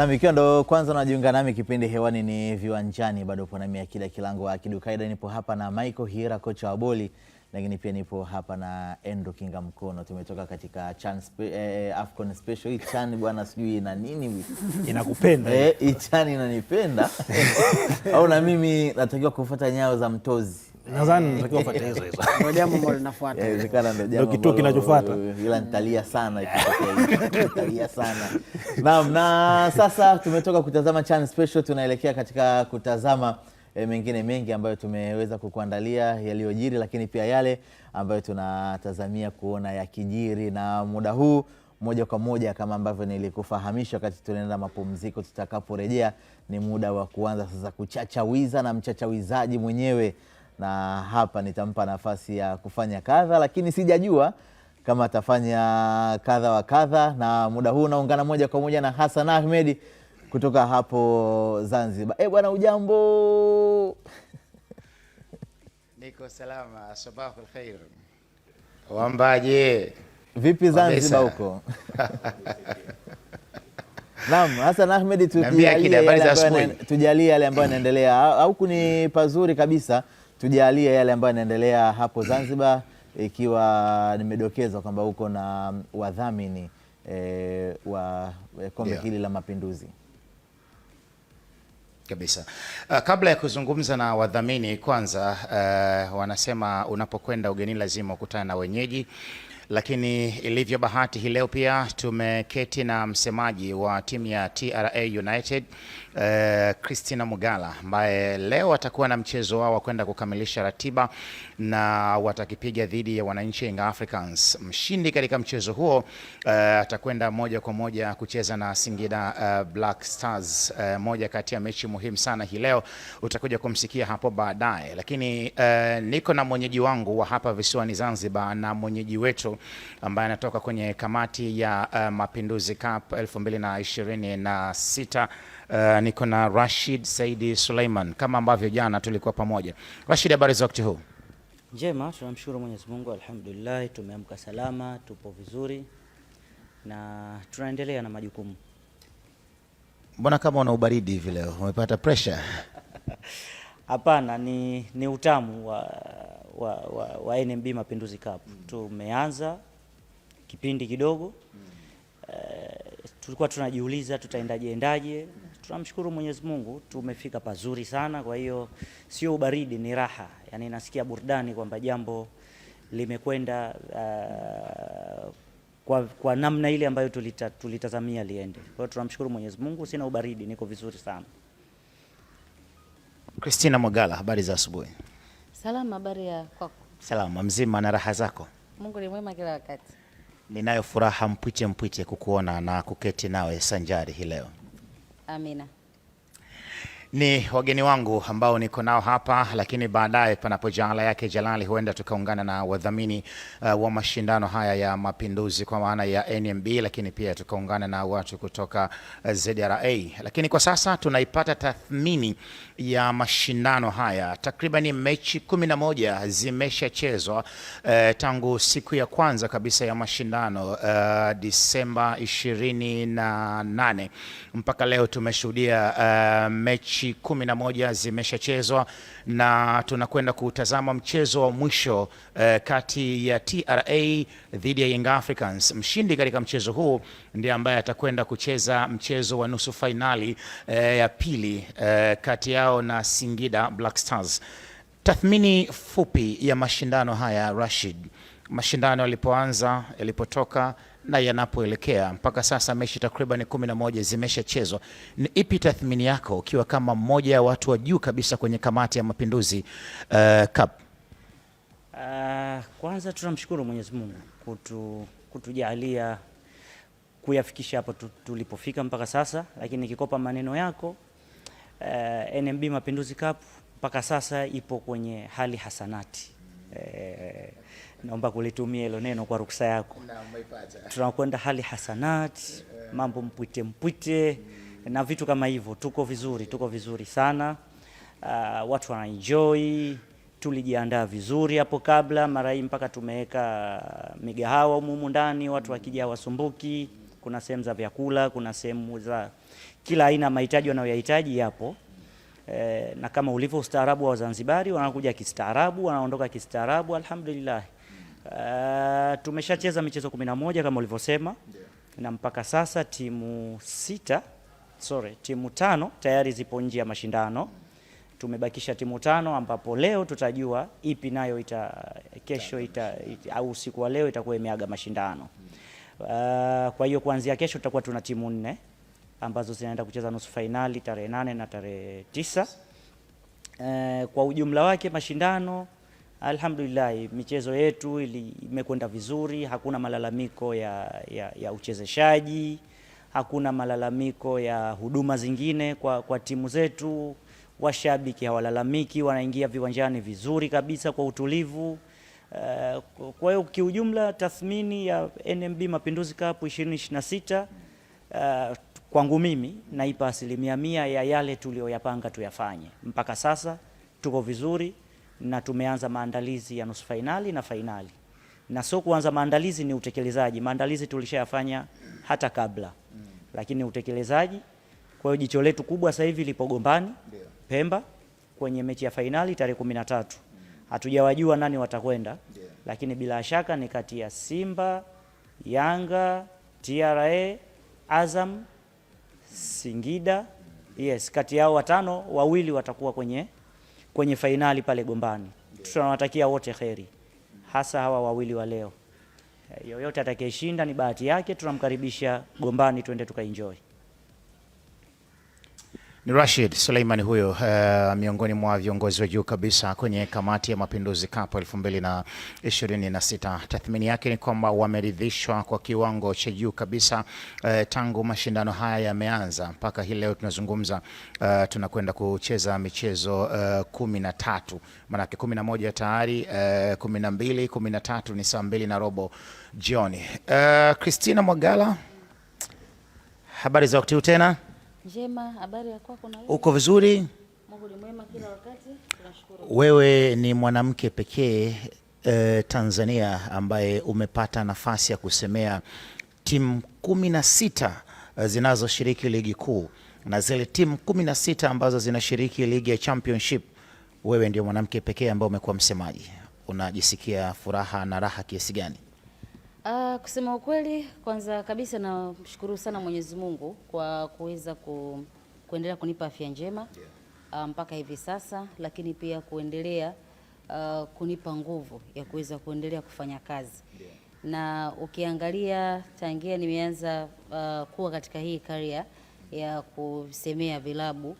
Nami ikiwa ndo kwanza unajiunga nami, kipindi hewani ni Viwanjani, bado upo nami Akida Kilango wa Kidukaida. Nipo hapa na Michael Hira, kocha wa boli, lakini pia nipo hapa na Endo Kinga Mkono. Tumetoka katika Chan spe, eh, eh, Afcon special hii Chan bwana, sijui ina nini, inakupenda eh, hii Chan inanipenda au na mimi natakiwa kufuata nyayo za mtozi nadhani natakiwa hizo hizo, ndio jambo ambalo linafuata, eh, inawezekana ndio jambo, kitu kinachofuata, ila nitalia sana nitalia sana. Naam, na sasa tumetoka kutazama Chan Special, tunaelekea katika kutazama E, mengine mengi ambayo tumeweza kukuandalia yaliyojiri, lakini pia yale ambayo tunatazamia kuona yakijiri, na muda huu moja kwa moja kama ambavyo nilikufahamisha wakati tunaenda mapumziko, tutakaporejea ni muda wa kuanza sasa kuchachawiza na mchachawizaji mwenyewe na hapa nitampa nafasi ya kufanya kadha, lakini sijajua kama atafanya kadha wa kadha. Na muda huu naungana moja kwa moja na Hassan Ahmed kutoka hapo Zanzibar. E bwana, ujambo? Niko salama, sabahul khair. Wambaje, vipi Zanzibar huko? Naam, Hassan Ahmed, tujalie yale ambayo yanaendelea, au kuni pazuri kabisa tujalie yale ambayo yanaendelea hapo Zanzibar, ikiwa nimedokeza kwamba uko na wadhamini e, wa eh, kombe yeah, hili la Mapinduzi kabisa. Uh, kabla ya kuzungumza na wadhamini kwanza, uh, wanasema unapokwenda ugenini lazima ukutane na wenyeji. Lakini ilivyo bahati hii leo pia tumeketi na msemaji wa timu ya TRA United eh, Christina Mugala ambaye leo atakuwa na mchezo wao wa kwenda kukamilisha ratiba na watakipiga dhidi ya wananchi Young Africans. Mshindi katika mchezo huo eh, atakwenda moja kwa moja kucheza na Singida eh, Black Stars eh, moja kati ya mechi muhimu sana hii leo, utakuja kumsikia hapo baadaye, lakini eh, niko na mwenyeji wangu wa hapa visiwani Zanzibar na mwenyeji wetu ambaye anatoka kwenye kamati ya uh, Mapinduzi Cup 2026. Uh, eh, niko na Rashid Saidi Suleiman kama ambavyo jana tulikuwa pamoja. Rashid, habari za wakati huu? Njema, tunamshukuru Mwenyezi Mungu, alhamdulillah, tumeamka salama, tupo vizuri na tunaendelea na majukumu. Mbona kama una ubaridi hivi leo, umepata pressure? Hapana, ni, ni utamu wa wa, wa, wa NMB Mapinduzi Cup mm. Tumeanza kipindi kidogo mm. Uh, tulikuwa tunajiuliza tutaendaje endaje Tunamshukuru Mwenyezi Mungu tumefika pazuri sana, kwa hiyo sio ubaridi, ni raha, yaani nasikia burudani kwamba jambo limekwenda uh, kwa, kwa namna ile ambayo tulita, tulitazamia liende. Kwa hiyo tunamshukuru Mwenyezi Mungu, sina ubaridi, niko vizuri sana. Christina Mwagala, habari za asubuhi. Salama, habari ya kwako? Salama, mzima na raha zako? Mungu ni mwema kila wakati. Ninayo furaha mpwiche mpwiche kukuona na kuketi nawe sanjari hii leo. Amina. Ni wageni wangu ambao niko nao hapa, lakini baadaye, panapo jala yake Jalali, huenda tukaungana na wadhamini uh, wa mashindano haya ya Mapinduzi kwa maana ya NMB, lakini pia tukaungana na watu kutoka uh, ZRA. Lakini kwa sasa tunaipata tathmini ya mashindano haya. Takriban mechi kumi na moja zimeshachezwa uh, tangu siku ya kwanza kabisa ya mashindano uh, Disemba 28 mpaka leo tumeshuhudia uh, mechi mechi 11 zimeshachezwa na tunakwenda kutazama mchezo wa mwisho eh, kati ya TRA dhidi ya Young Africans. Mshindi katika mchezo huu ndiye ambaye atakwenda kucheza mchezo wa nusu fainali eh, ya pili eh, kati yao na Singida Black Stars. Tathmini fupi ya mashindano haya Rashid, mashindano yalipoanza, yalipotoka na yanapoelekea mpaka sasa mechi takriban kumi na moja zimeshachezwa. Ni ipi tathmini yako ukiwa kama mmoja ya watu wa juu kabisa kwenye kamati ya Mapinduzi uh, Cup? Uh, kwanza tunamshukuru Mwenyezi Mungu kutu, kutujalia kuyafikisha hapo tulipofika mpaka sasa, lakini nikikopa maneno yako uh, eh, NMB Mapinduzi Cup mpaka sasa ipo kwenye hali hasanati uh, naomba kulitumia hilo neno kwa ruksa yako. Tunakwenda hali hasanat, mambo mpwite mpwite na vitu kama hivyo. Tuko vizuri, tuko vizuri sana. Uh, watu wana enjoy. Tulijiandaa vizuri hapo kabla, mara hii mpaka tumeweka migahawa humu ndani, watu wakija wasumbuki. Kuna sehemu za vyakula, kuna sehemu za kila aina mahitaji wanayoyahitaji yapo. E, eh, na kama ulivyo ustaarabu wa Wazanzibari, wanakuja kistaarabu, wanaondoka kistaarabu, alhamdulillah. Eh, tumeshacheza michezo 11 kama ulivyosema yeah. Na mpaka sasa timu sita, sorry, timu tano tayari zipo nje ya mashindano Tumebakisha timu tano ambapo leo tutajua ipi nayo ita kesho ita, ita, au usiku wa leo itakuwa imeaga mashindano Uh, kwa hiyo kuanzia kesho tutakuwa tuna timu nne ambazo zinaenda kucheza nusu fainali tarehe nane na tarehe tisa. Uh, kwa ujumla wake mashindano Alhamdulillah, michezo yetu imekwenda vizuri, hakuna malalamiko ya, ya, ya uchezeshaji, hakuna malalamiko ya huduma zingine kwa, kwa timu zetu. Washabiki hawalalamiki, wanaingia viwanjani vizuri kabisa kwa utulivu. Eh, kwa hiyo kiujumla tathmini ya NMB Mapinduzi Cup 2026 uh, eh, kwangu mimi naipa asilimia mia ya yale tuliyoyapanga tuyafanye. Mpaka sasa tuko vizuri na tumeanza maandalizi ya nusu fainali na fainali, na sio kuanza maandalizi, ni utekelezaji. Maandalizi tulishayafanya hata kabla, lakini utekelezaji. Kwa hiyo jicho letu kubwa sasa hivi lipo Gombani, Pemba, kwenye mechi ya fainali tarehe kumi na tatu. Hatujawajua nani watakwenda, lakini bila shaka ni kati ya Simba, Yanga, TRA, Azam, Singida. Yes, kati yao watano wawili watakuwa kwenye kwenye fainali pale Gombani. Tunawatakia wote heri hasa hawa wawili wa leo. Eh, yoyote atakayeshinda ni bahati yake, tunamkaribisha Gombani, twende tukaenjoy. Ni Rashid Suleiman huyo, uh, miongoni mwa viongozi wa juu kabisa kwenye kamati ya mapinduzi kapo elfu Tathmini yake ni kwamba wameridhishwa kwa kiwango cha juu kabisa, uh, tangu mashindano haya yameanza mpaka hii leo tunazungumza, uh, tunakwenda kucheza michezo uh, kumi na tatu, maanake kumi na moja tayari, uh, kumi na mbili, kumi na tatu ni saa mbili na robo jioni. Kristina Christina Mwagala, habari za wakati huu tena. Njema, habari ya kwako na wewe? Uko vizuri? Mungu ni mwema kila wakati. Tunashukuru. Wewe ni mwanamke pekee eh, Tanzania ambaye umepata nafasi ya kusemea timu kumi na sita eh, zinazoshiriki ligi kuu na zile timu kumi na sita ambazo zinashiriki ligi ya championship, wewe ndio mwanamke pekee ambaye umekuwa msemaji. Unajisikia furaha na raha kiasi gani? Uh, kusema ukweli, kwanza kabisa namshukuru sana Mwenyezi Mungu kwa kuweza ku, kuendelea kunipa afya njema yeah. uh, mpaka hivi sasa, lakini pia kuendelea uh, kunipa nguvu ya kuweza kuendelea kufanya kazi yeah. na ukiangalia tangia nimeanza uh, kuwa katika hii karia ya kusemea vilabu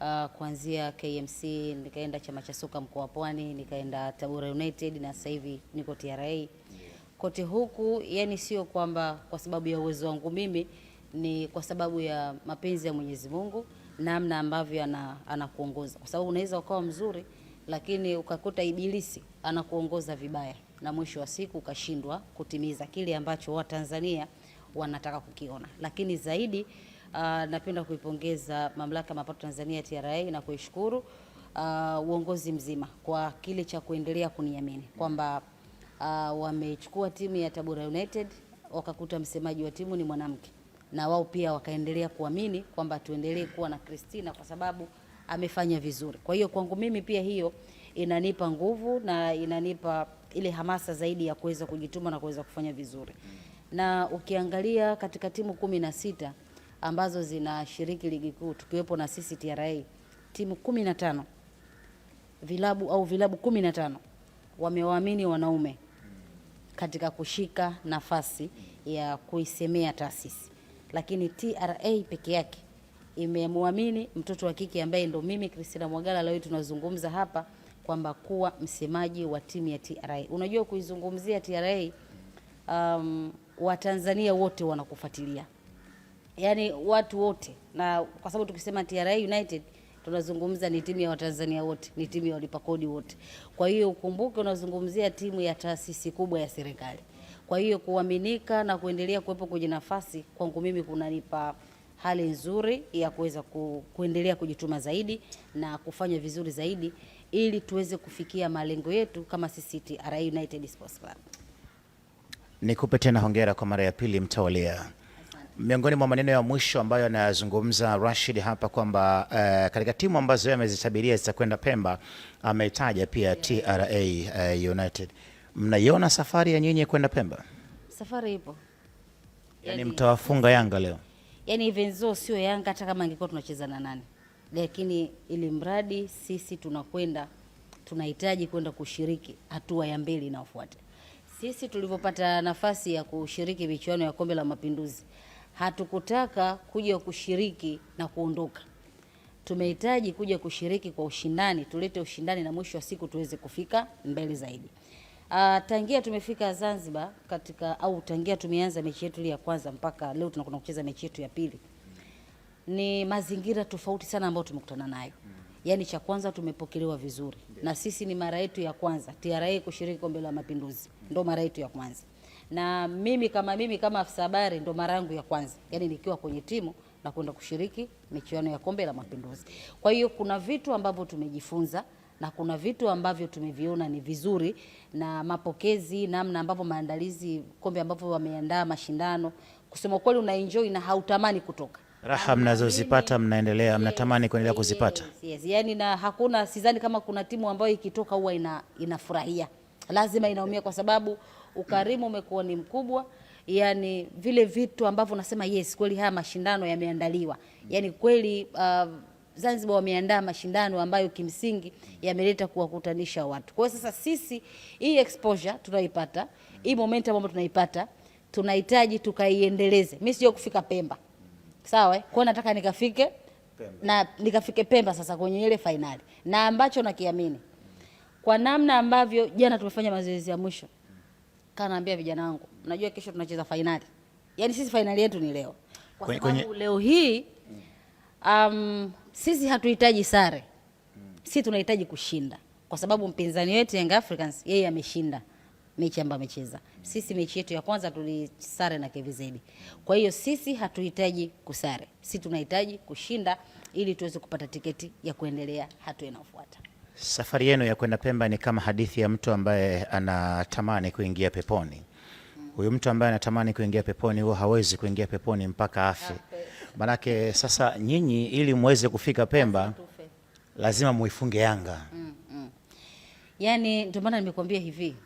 yeah. uh, kuanzia KMC nikaenda chama cha soka mkoa wa Pwani, nikaenda Tabora United na sasa hivi niko TRA kote huku, yani sio kwamba kwa sababu ya uwezo wangu mimi, ni kwa sababu ya mapenzi ya Mwenyezi Mungu, namna ambavyo anakuongoza ana, kwa sababu unaweza ukawa mzuri, lakini ukakuta ibilisi anakuongoza vibaya, na mwisho wa siku ukashindwa kutimiza kile ambacho Watanzania wanataka kukiona. Lakini zaidi uh, napenda kuipongeza Mamlaka ya Mapato Tanzania TRA na kuishukuru uh, uongozi mzima kwa kile cha kuendelea kuniamini kwamba uh, wamechukua timu ya Tabora United wakakuta msemaji wa timu ni mwanamke, na wao pia wakaendelea kuamini kwamba tuendelee kuwa na Christina kwa sababu amefanya vizuri. Kwa hiyo kwangu mimi pia hiyo inanipa nguvu na inanipa ile hamasa zaidi ya kuweza kujituma na kuweza kufanya vizuri. Na ukiangalia katika timu kumi na sita ambazo zinashiriki ligi kuu tukiwepo na sisi TRA, timu kumi na tano vilabu au vilabu kumi na tano wamewaamini wanaume katika kushika nafasi ya kuisemea taasisi, lakini TRA peke yake imemwamini mtoto wa kike ambaye ndo mimi Christina Mwagala leo tunazungumza hapa kwamba kuwa msemaji wa timu ya TRA. Unajua kuizungumzia TRA um, Watanzania wote wanakufuatilia, yaani watu wote, na kwa sababu tukisema TRA United tunazungumza ni timu ya Watanzania wote, ni timu ya walipa kodi wote. Kwa hiyo ukumbuke, unazungumzia timu ya taasisi kubwa ya serikali. Kwa hiyo kuaminika na kuendelea kuwepo kwenye nafasi kwangu mimi kunanipa hali nzuri ya kuweza ku, kuendelea kujituma zaidi na kufanya vizuri zaidi ili tuweze kufikia malengo yetu kama cctra United Sports Club. Nikupe tena hongera kwa mara ya pili mtawalia. Miongoni mwa maneno ya mwisho ambayo anayazungumza Rashid hapa kwamba uh, katika timu ambazo yeye amezitabiria zitakwenda Pemba ametaja pia TRA uh, eh, United. Mnaiona safari ya nyinyi kwenda Pemba? Safari ipo. Yaani yani, mtawafunga Yanga leo. Yaani Venzo sio Yanga hata kama angekuwa tunacheza na nani. Lakini ili mradi sisi tunakwenda tunahitaji kwenda kushiriki hatua ya mbili inayofuata. Sisi tulivyopata nafasi ya kushiriki michuano ya Kombe la Mapinduzi hatukutaka kuja kushiriki na kuondoka. Tumehitaji kuja kushiriki kwa ushindani, tulete ushindani na mwisho wa siku tuweze kufika mbele zaidi. Uh, tangia tumefika Zanzibar katika au tangia tumeanza mechi yetu ya kwanza mpaka leo tunakwenda kucheza mechi yetu ya pili, ni mazingira tofauti sana ambayo tumekutana nayo. Yaani cha kwanza tumepokelewa vizuri, na sisi ni mara yetu ya kwanza TRA kushiriki kombe la Mapinduzi, ndo mara yetu ya kwanza na mimi kama mimi kama afisa habari ndo mara yangu ya kwanza, yani nikiwa kwenye timu na kwenda kushiriki michuano ya Kombe la Mapinduzi. Kwa hiyo kuna vitu ambavyo tumejifunza na kuna vitu ambavyo tumeviona ni vizuri na mapokezi, namna ambavyo maandalizi kombe ambavyo wameandaa mashindano, kusema kweli unaenjoy na hautamani kutoka raha mnazozipata mnaendelea mnatamani kuendelea kuzipata. Yes, yes. Yani na hakuna sidhani kama kuna timu ambayo ikitoka huwa ina, inafurahia, lazima inaumia kwa sababu ukarimu umekuwa ni mkubwa, yani vile vitu ambavyo unasema yes, kweli haya mashindano yameandaliwa, yani kweli uh, Zanzibar wameandaa mashindano ambayo kimsingi yameleta kuwakutanisha watu. Kwa sasa sisi hii exposure tunaipata, hii momentum ambayo tunaipata tunahitaji tukaiendeleze. Mimi sio kufika Pemba. Sawa? Eh? Kwa nataka nikafike Pemba. Na nikafike Pemba sasa kwenye ile fainali. Na ambacho nakiamini kwa namna ambavyo jana tumefanya mazoezi ya mwisho kanaambia vijana wangu, najua kesho tunacheza fainali. Yaani sisi fainali yetu ni leo, kwa sababu kwenye... leo hii um, sisi hatuhitaji sare, sisi tunahitaji kushinda, kwa sababu mpinzani wetu Young Africans yeye ameshinda mechi ambayo amecheza. Sisi mechi yetu ya kwanza tulisare na KVZ. Kwa hiyo sisi hatuhitaji kusare, sisi tunahitaji kushinda ili tuweze kupata tiketi ya kuendelea hatua inayofuata. Safari yenu ya kwenda Pemba ni kama hadithi ya mtu ambaye anatamani kuingia peponi. Huyu mtu ambaye anatamani kuingia peponi huwa hawezi kuingia peponi mpaka afe. Manake sasa nyinyi ili muweze kufika Pemba lazima muifunge Yanga. Yaani ndio maana nimekuambia hivi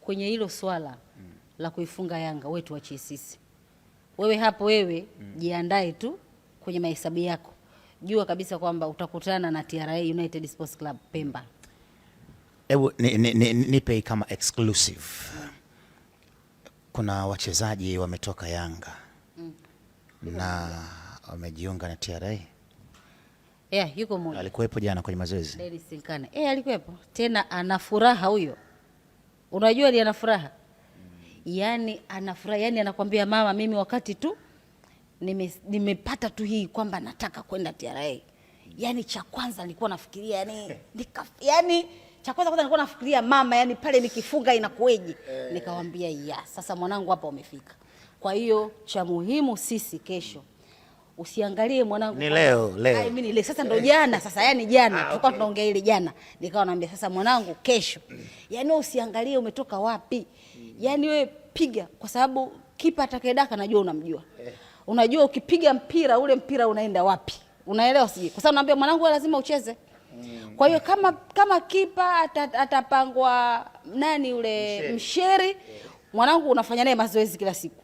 kwenye hilo swala mm. la kuifunga Yanga wetu tuachie sisi. Wewe hapo wewe mm. jiandae tu kwenye mahesabu yako jua kabisa kwamba utakutana na TRA United Sports Club Pemba. Hebu nipe ni, ni, ni kama exclusive Kuna wachezaji wametoka Yanga mm. na wamejiunga na TRA. Yeah, yuko mmoja. Alikuwepo jana kwenye mazoezi. Dennis Eh, alikuwepo. Tena ana furaha huyo. Unajua ni ana furaha. Mm. Yaani ana furaha, yani anakuambia mama, mimi wakati tu nime, nimepata tu hii kwamba nataka kwenda TRA. Yani cha kwanza nilikuwa nafikiria yani, nika, yani cha kwanza kwanza nilikuwa nafikiria mama, yani pale nikifunga inakuweje? Eh. Nikamwambia ya sasa, mwanangu hapa umefika. Kwa hiyo cha muhimu sisi kesho usiangalie mwanangu ni leo leo, ai leo. sasa ndo jana sasa, yani jana ah, tulikuwa tunaongea ile jana, nikawa naambia sasa mwanangu, kesho yani wewe usiangalie umetoka wapi, hmm. yani wewe piga, kwa sababu kipa atakayedaka najua unamjua eh unajua ukipiga mpira ule mpira unaenda wapi, unaelewa sije? Kwa sababu naambia mwanangu lazima ucheze. Kwa hiyo kama kama kipa atapangwa ata nani ule msheri, Mwanangu unafanya naye mazoezi kila siku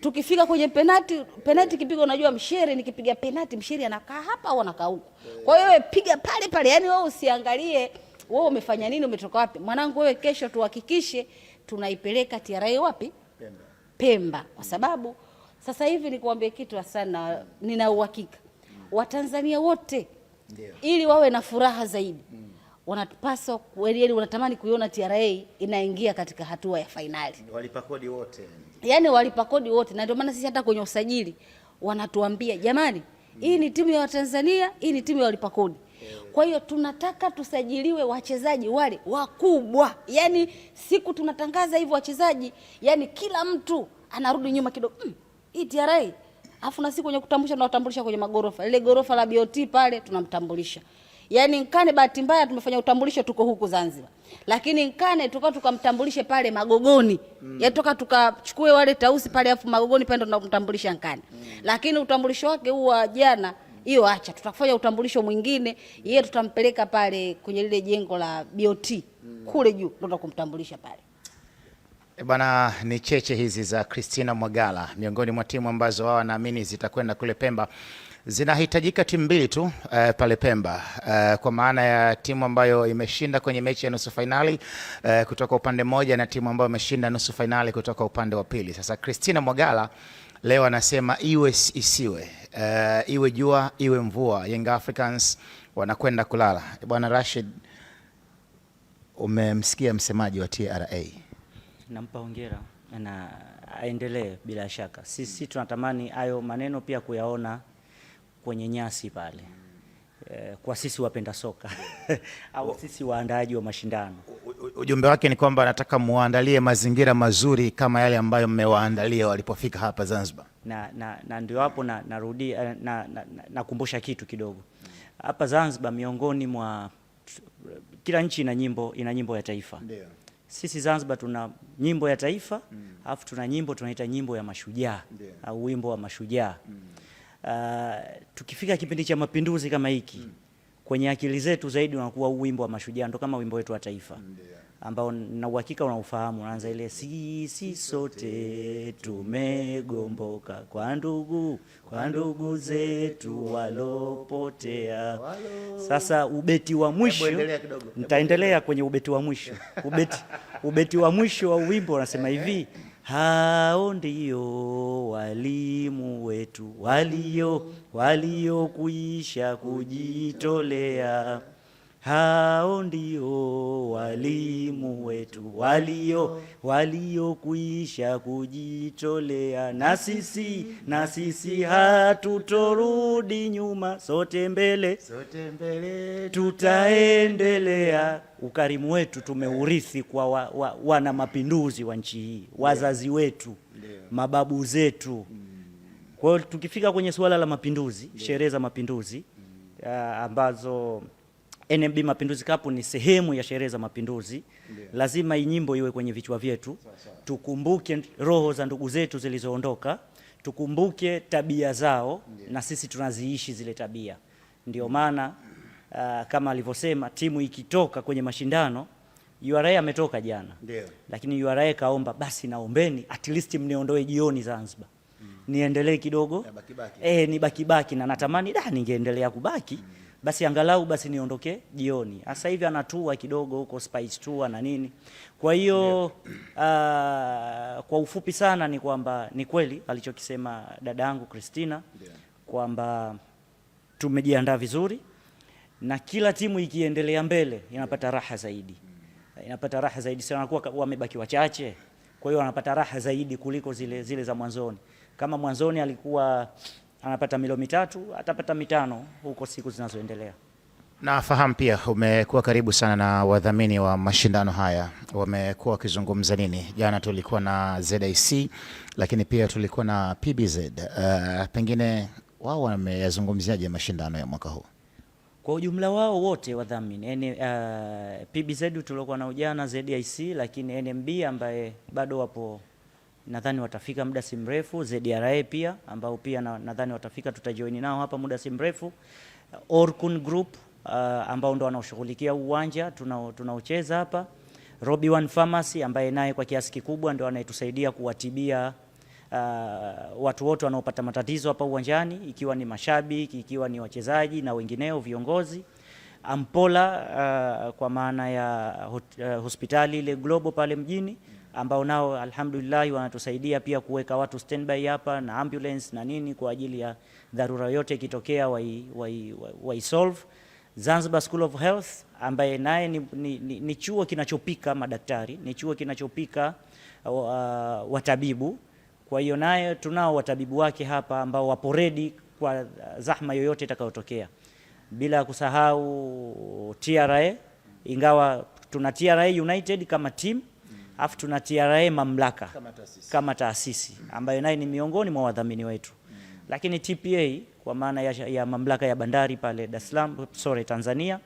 tukifika kwenye penati penati kipiga, unajua msheri nikipiga penati msheri anakaa hapa au anakaa huko. Kwa hiyo wewe piga pale pale, yani wewe usiangalie wewe umefanya nini, umetoka wapi. Mwanangu wewe, kesho tuhakikishe tunaipeleka TRA wapi? Pemba, Pemba kwa sababu sasa hivi nikuambie kitu sana, nina uhakika Watanzania wote Ndiyo. ili wawe na furaha zaidi mm. wanapaswa kweli kweli, wanatamani kuiona TRA inaingia katika hatua ya fainali. Walipa kodi wote yani, walipa kodi wote, na ndio maana sisi hata kwenye usajili wanatuambia jamani, mm. hii ni timu ya Watanzania, hii ni timu ya walipa kodi kwa hiyo tunataka tusajiliwe wachezaji wale wakubwa, yaani siku tunatangaza hivyo wachezaji, yaani kila mtu anarudi nyuma kidogo mm hii afu na sisi kwenye kutambulisha tunawatambulisha kwenye magorofa, ile gorofa la BOT pale tunamtambulisha. Yaani Nkane bahati mbaya tumefanya utambulisho tuko huku Zanzibar. Lakini Nkane tukao tukamtambulishe pale Magogoni. Mm. Ya yaani toka tukachukue wale tausi pale afu Magogoni pale ndo tunamtambulisha Nkane. Mm. Lakini utambulisho wake huwa jana hiyo acha, tutafanya utambulisho mwingine. Yeye tutampeleka pale kwenye lile jengo la BOT. Mm. Kule juu ndo tutakumtambulisha pale. Eh, bwana, ni cheche hizi za Christina Mwagala, miongoni mwa timu ambazo wao wanaamini zitakwenda kule Pemba. Zinahitajika timu mbili tu uh, pale Pemba uh, kwa maana ya timu ambayo imeshinda kwenye mechi ya nusu fainali uh, kutoka upande mmoja na timu ambayo imeshinda nusu fainali kutoka upande wa pili. Sasa Christina Mwagala leo anasema iwe isiwe, uh, iwe jua iwe mvua, Young Africans wanakwenda kulala. bwana Rashid, umemsikia msemaji wa TRA nampa hongera na aendelee bila shaka. Sisi tunatamani hayo maneno pia kuyaona kwenye nyasi pale eh, kwa sisi wapenda soka au sisi waandaaji wa mashindano. Ujumbe wake ni kwamba nataka muandalie mazingira mazuri kama yale ambayo mmewaandalia walipofika hapa Zanzibar, na, na, na ndio hapo narudia na, eh, na, na, na, nakumbusha kitu kidogo hapa Zanzibar, miongoni mwa kila nchi ina nyimbo ina nyimbo ya taifa. Ndiyo sisi Zanzibar tuna nyimbo ya taifa alafu mm. tuna nyimbo tunaita nyimbo ya mashujaa yeah. au wimbo wa mashujaa mm. uh, tukifika kipindi cha mapinduzi kama hiki mm. kwenye akili zetu zaidi unakuwa wimbo wa mashujaa ndo kama wimbo wetu wa taifa yeah ambao na uhakika unaufahamu, unaanza ile sisi sote tumegomboka kwa ndugu kwa ndugu zetu walopotea. Sasa ubeti wa mwisho nitaendelea kwenye ubeti wa mwisho ubeti, ubeti wa mwisho wa wimbo unasema hivi hao ndio walimu wetu walio waliokuisha kujitolea hao ndio walimu wetu walio waliokwisha kujitolea, na sisi na sisi hatutorudi nyuma, sote mbele, sote mbele tutaendelea. Ukarimu wetu tumeurithi kwa wana wa, wa, wana mapinduzi wa nchi hii, wazazi wetu, mababu zetu. Mm. Kwa hiyo tukifika kwenye suala la mapinduzi, sherehe za mapinduzi uh, ambazo NMB Mapinduzi Cup ni sehemu ya sherehe za mapinduzi yeah. Lazima hii nyimbo iwe kwenye vichwa vyetu Tukumbuke roho za ndugu zetu zilizoondoka, tukumbuke tabia zao yeah. Na sisi tunaziishi zile tabia, ndio maana uh, kama alivyosema timu ikitoka kwenye mashindano URA ametoka jana yeah. Lakini URA kaomba basi, naombeni at least mniondoe jioni Zanzibar mm. Niendelee kidogo yeah, baki baki. E, eh, ni baki baki, na natamani da ningeendelea kubaki mm basi angalau basi niondoke jioni. Ah, sasa hivi anatua kidogo huko spice tour na nini. Kwa hiyo yeah. uh, kwa ufupi sana ni kwamba ni kweli alichokisema dada yangu Christina yeah. kwamba tumejiandaa vizuri na kila timu ikiendelea mbele inapata raha zaidi, eh, inapata raha zaidi sana, kwa wamebaki wachache, kwa hiyo wanapata raha zaidi kuliko zile, zile za mwanzoni. Kama mwanzoni alikuwa anapata milo mitatu atapata mitano huko siku zinazoendelea. Nafahamu pia umekuwa karibu sana na wadhamini wa mashindano haya, wamekuwa wakizungumza nini? Jana tulikuwa na ZIC lakini pia tulikuwa na PBZ. Uh, eh, pengine wao wameyazungumziaje mashindano ya mwaka huu kwa ujumla wao wote wadhamini? Uh, eh, PBZ tuliokuwa na ujana ZIC, lakini NMB ambaye bado wapo nadhani watafika muda si mrefu. ZRA pia ambao pia nadhani watafika, tutajoini nao hapa muda si mrefu. Orkun Group uh, ambao ndo wanaoshughulikia uwanja tunaocheza hapa. Robi One Pharmacy ambaye naye kwa kiasi kikubwa ndo anayetusaidia kuwatibia uh, watu wote wanaopata matatizo hapa uwanjani, ikiwa ni mashabiki, ikiwa ni wachezaji na wengineo viongozi. Ampola uh, kwa maana ya hot, uh, hospitali ile Global pale mjini ambao nao alhamdulillah wanatusaidia pia kuweka watu standby hapa na ambulance na nini kwa ajili ya dharura yote ikitokea waisolve. Zanzibar School of Health ambaye naye ni, ni, ni, ni chuo kinachopika madaktari, ni chuo kinachopika uh, watabibu. Kwa hiyo naye tunao watabibu wake hapa ambao wapo ready kwa zahma yoyote itakayotokea, bila kusahau TRA, ingawa tuna TRA United kama team alafu tuna TRA mamlaka kama taasisi, kama taasisi ambayo naye ni miongoni mwa wadhamini wetu mm. Lakini TPA kwa maana ya, ya mamlaka ya bandari pale Dar es Salaam, sorry Tanzania,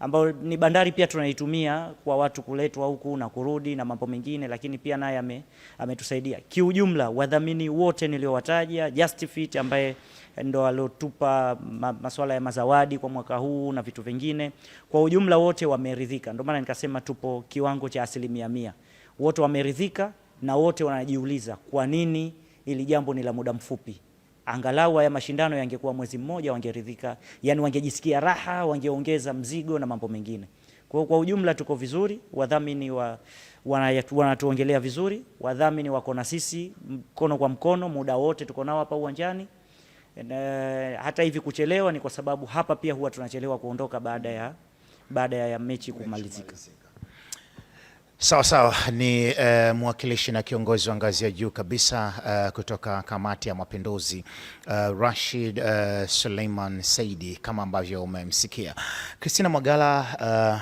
ambayo ni bandari pia tunaitumia kwa watu kuletwa huku na kurudi na mambo mengine, lakini pia naye ametusaidia kiujumla. Wadhamini wote niliowataja, Justifit ambaye ndo aliotupa masuala ya mazawadi kwa mwaka huu na vitu vingine, kwa ujumla wote wameridhika, ndio maana nikasema tupo kiwango cha asilimia mia wote wameridhika na wote wanajiuliza kwa nini ili jambo ni la muda mfupi. Angalau haya mashindano yangekuwa mwezi mmoja, wangeridhika, yani wangejisikia raha, wangeongeza mzigo na mambo mengine. Kwa, kwa ujumla tuko vizuri, wadhamini wa, wanatuongelea vizuri, wadhamini wako na sisi mkono kwa mkono, muda wote tuko nao hapa uwanjani. Na, eh, hata hivi kuchelewa ni kwa sababu hapa pia huwa tunachelewa kuondoka baada ya, baada ya mechi kumalizika. Sawa sawa ni eh, mwakilishi na kiongozi wa ngazi ya juu kabisa eh, kutoka Kamati ya Mapinduzi eh, Rashid eh, Suleiman Saidi, kama ambavyo umemsikia Christina Mwagala.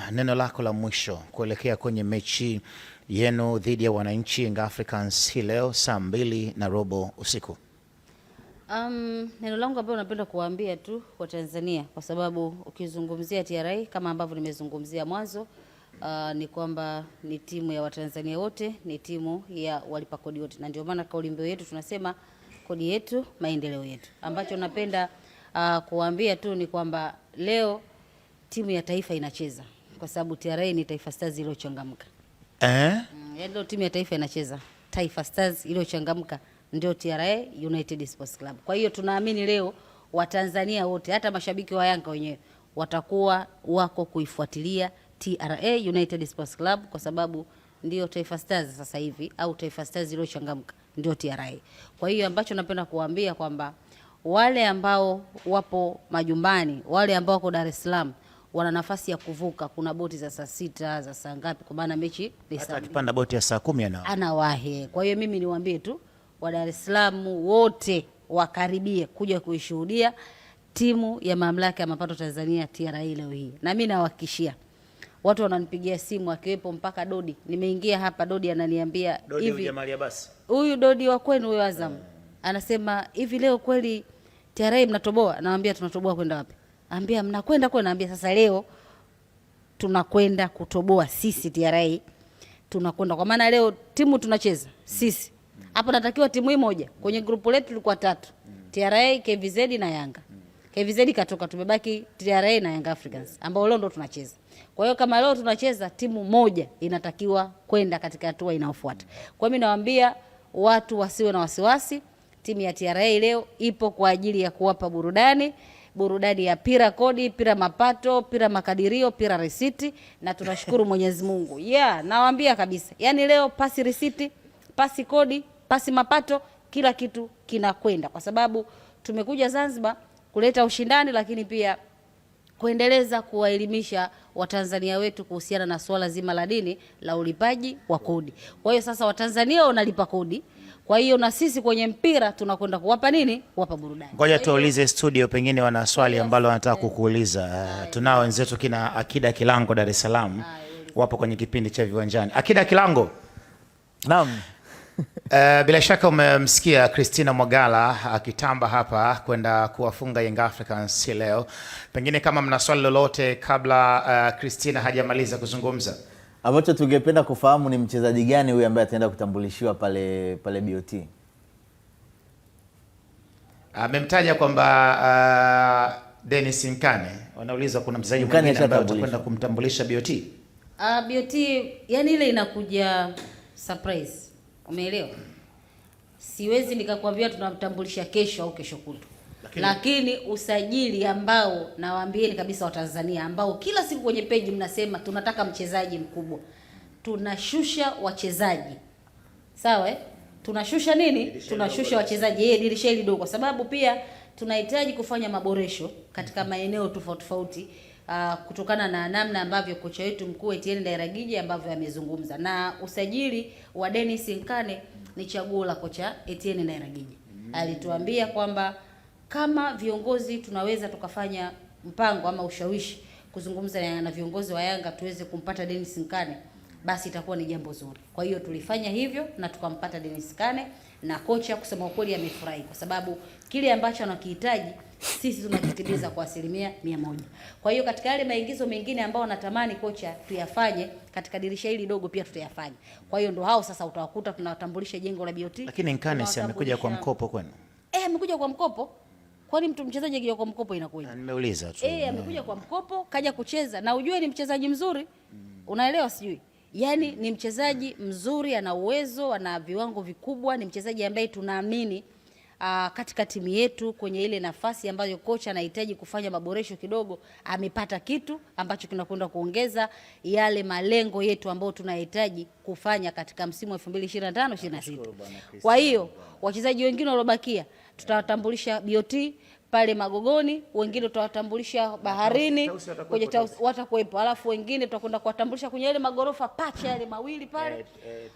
Eh, neno lako la mwisho kuelekea kwenye mechi yenu dhidi ya wananchi Young Africans hii leo saa mbili na robo usiku. Um, neno langu ambalo napenda kuwaambia tu kwa Tanzania, kwa sababu ukizungumzia TRA kama ambavyo nimezungumzia mwanzo uh, ni kwamba ni timu ya Watanzania wote, ni timu ya walipa kodi wote, na ndio maana kauli mbiu yetu tunasema kodi yetu maendeleo yetu. Ambacho napenda uh, ah, kuambia tu ni kwamba leo timu ya taifa inacheza kwa sababu TRA ni Taifa Stars iliyochangamka eh? Mm, yaani leo timu ya taifa inacheza Taifa Stars iliyochangamka ndio TRA United Sports Club. Kwa hiyo tunaamini leo Watanzania wote hata mashabiki wa Yanga wenyewe watakuwa wako kuifuatilia TRA United Sports Club kwa sababu ndio Taifa Stars sasa hivi au Taifa Stars iliyochangamka ndio TRA. Kwa hiyo ambacho napenda kuwaambia kwamba wale ambao wapo majumbani, wale ambao wako Dar es Salaam wana nafasi ya kuvuka. Kuna boti za saa sita za saa ngapi, kwa maana mechi hata akipanda boti ya saa kumi anao anawahi. Kwa hiyo mimi niwaambie tu wa Dar es Salaam wote wakaribie kuja kuishuhudia timu ya mamlaka ya mapato Tanzania TRA leo hii, na mimi nawahakikishia watu wananipigia simu, akiwepo mpaka Dodi. Nimeingia hapa, Dodi ananiambia hivi, huyu Dodi wa kwenu huyo Azam uh, anasema hivi, leo kweli TRA mnatoboa? Naambia tunatoboa. Kwenda wapi? Ambia mnakwenda kwa, naambia sasa leo tunakwenda kutoboa sisi TRA, tunakwenda kwa maana leo timu tunacheza sisi hapo natakiwa timu hii moja. Kwenye grupu letu tulikuwa tatu, TRA, KVZ na Yanga. KVZ katoka, tumebaki TRA na Young Africans ambao leo ndo tunacheza. Kwa hiyo kama leo tunacheza timu moja inatakiwa kwenda katika hatua inayofuata. Kwa hiyo nawaambia watu wasiwe na wasiwasi, timu ya TRA leo ipo kwa ajili ya kuwapa burudani burudani ya pira kodi, pira mapato, pira makadirio, pira risiti, na tunashukuru Mwenyezi Mungu. Yeah, nawaambia kabisa, yaani leo pasi risiti, pasi kodi, pasi mapato, kila kitu kinakwenda, kwa sababu tumekuja Zanzibar kuleta ushindani, lakini pia kuendeleza kuwaelimisha Watanzania wetu kuhusiana na suala zima la dini la ulipaji wa kodi. Kwa hiyo sasa Watanzania wanalipa kodi, kwa hiyo na sisi kwenye mpira tunakwenda kuwapa nini? Wapa burudani. Ngoja tuwaulize studio, pengine wana swali ambalo wanataka kukuuliza. Ah, eh, tunao wenzetu kina Akida Kilango Dar es Salaam, ah, wapo kwenye kipindi cha Viwanjani. Akida Kilango, naam. Uh, bila shaka umemsikia Christina Mwagala akitamba hapa kwenda kuwafunga Young Africans leo. Pengine kama mna swali lolote kabla uh, Christina hajamaliza kuzungumza. Ambacho tungependa kufahamu ni mchezaji gani huyu ambaye ataenda kutambulishiwa pale pale BOT. Amemtaja uh, kwamba uh, Dennis Mkane. Wanauliza kuna mchezaji mwingine ambaye atakwenda kumtambulisha BOT. Uh, ah, BOT yani ile inakuja surprise. Umeelewa? Siwezi nikakwambia tunamtambulisha kesho au kesho kutu lakini, lakini usajili ambao nawaambieni kabisa Watanzania ambao kila siku kwenye peji mnasema tunataka mchezaji mkubwa, tunashusha wachezaji sawa, eh? tunashusha nini? Tunashusha wachezaji yeye dirisha hili dogo, kwa sababu pia tunahitaji kufanya maboresho katika maeneo tofauti tofauti uh, kutokana na namna ambavyo kocha wetu mkuu Etienne Lairagije ambavyo amezungumza, na usajili wa Dennis Nkane ni chaguo la kocha Etienne Lairagije. Mm. Alituambia kwamba kama viongozi tunaweza tukafanya mpango ama ushawishi kuzungumza na viongozi wa Yanga tuweze kumpata Dennis Nkane, basi itakuwa ni jambo zuri. Kwa hiyo tulifanya hivyo na tukampata Dennis Nkane, na kocha kusema ukweli amefurahi kwa sababu kile ambacho anakihitaji sisi tunakitimiza kwa asilimia mia moja. Kwa hiyo katika yale maingizo mengine ambayo natamani kocha tuyafanye katika dirisha hili dogo pia tutayafanya. Kwa hiyo ndo hao sasa utawakuta tunawatambulisha jengo la BOT. Lakini Nkane amekuja kwa mkopo kwenu? Eh, amekuja kwa mkopo. Kwani mtu mchezaji akija kwa mkopo inakuja? Ah, nimeuliza tu. Eh, amekuja kwa mkopo, kaja kucheza na ujue ni mchezaji mzuri. Unaelewa sijui? Yaani ni mchezaji mzuri, ana uwezo, ana viwango vikubwa, ni mchezaji ambaye tunaamini uh, katika timu yetu kwenye ile nafasi ambayo kocha anahitaji kufanya maboresho kidogo, amepata kitu ambacho kinakwenda kuongeza yale malengo yetu ambayo tunahitaji kufanya katika msimu 2025 26. Kwa hiyo wachezaji wengine waliobakia tutawatambulisha BOT pale Magogoni, wengine tutawatambulisha baharini kwenye watakuwepo, alafu wengine tutakwenda kuwatambulisha kwenye ile magorofa pacha yale mawili pale, eh,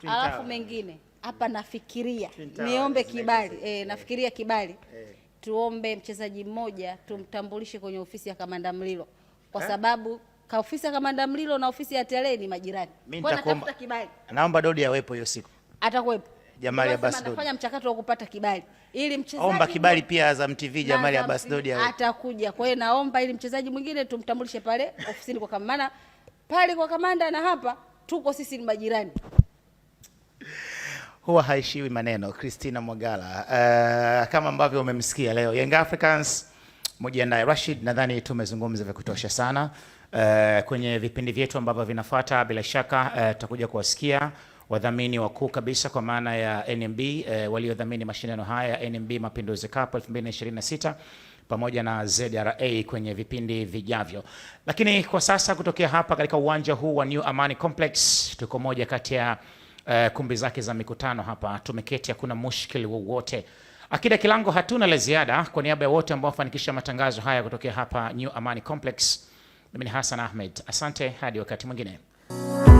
eh, alafu mengine hapa nafikiria niombe kibali e, nafikiria kibali e, tuombe mchezaji mmoja tumtambulishe kwenye ofisi ya kamanda Mlilo kwa sababu ka ofisi ya kamanda Mlilo na ofisi ya Telee ni majirani. Kwa natafuta kibali, naomba Dodi awepo hiyo siku, atakuwepo Jamali Abbas Dodi anafanya mchakato wa kupata kibali ili mchezaji omba kibali pia Azam TV Jamali Abbas Dodi atakuja. Kwa hiyo naomba ili mchezaji mwingine tumtambulishe pale ofisini kwa kamanda, pale kwa kamanda na hapa tuko sisi ni majirani huwa haishiwi maneno. Christina Mwagala, uh, kama ambavyo umemsikia leo Young Africans, mujiandae. Rashid, nadhani tumezungumza vya kutosha sana. Uh, kwenye vipindi vyetu ambavyo vinafuata bila shaka eh, tutakuja uh, kuwasikia wadhamini wakuu kabisa kwa maana ya NMB uh, waliodhamini mashindano haya ya NMB Mapinduzi Cup 2026 pamoja na ZRA kwenye vipindi vijavyo. Lakini kwa sasa kutokea hapa katika uwanja huu wa New Amani Complex tuko moja kati ya uh, kumbi zake za mikutano hapa. Tumeketi, hakuna mushkili wowote. Akida Kilango, hatuna la ziada. Kwa niaba ya wote ambao wafanikisha matangazo haya kutokea hapa New Amani Complex, mimi ni Hassan Ahmed, asante hadi wakati mwingine.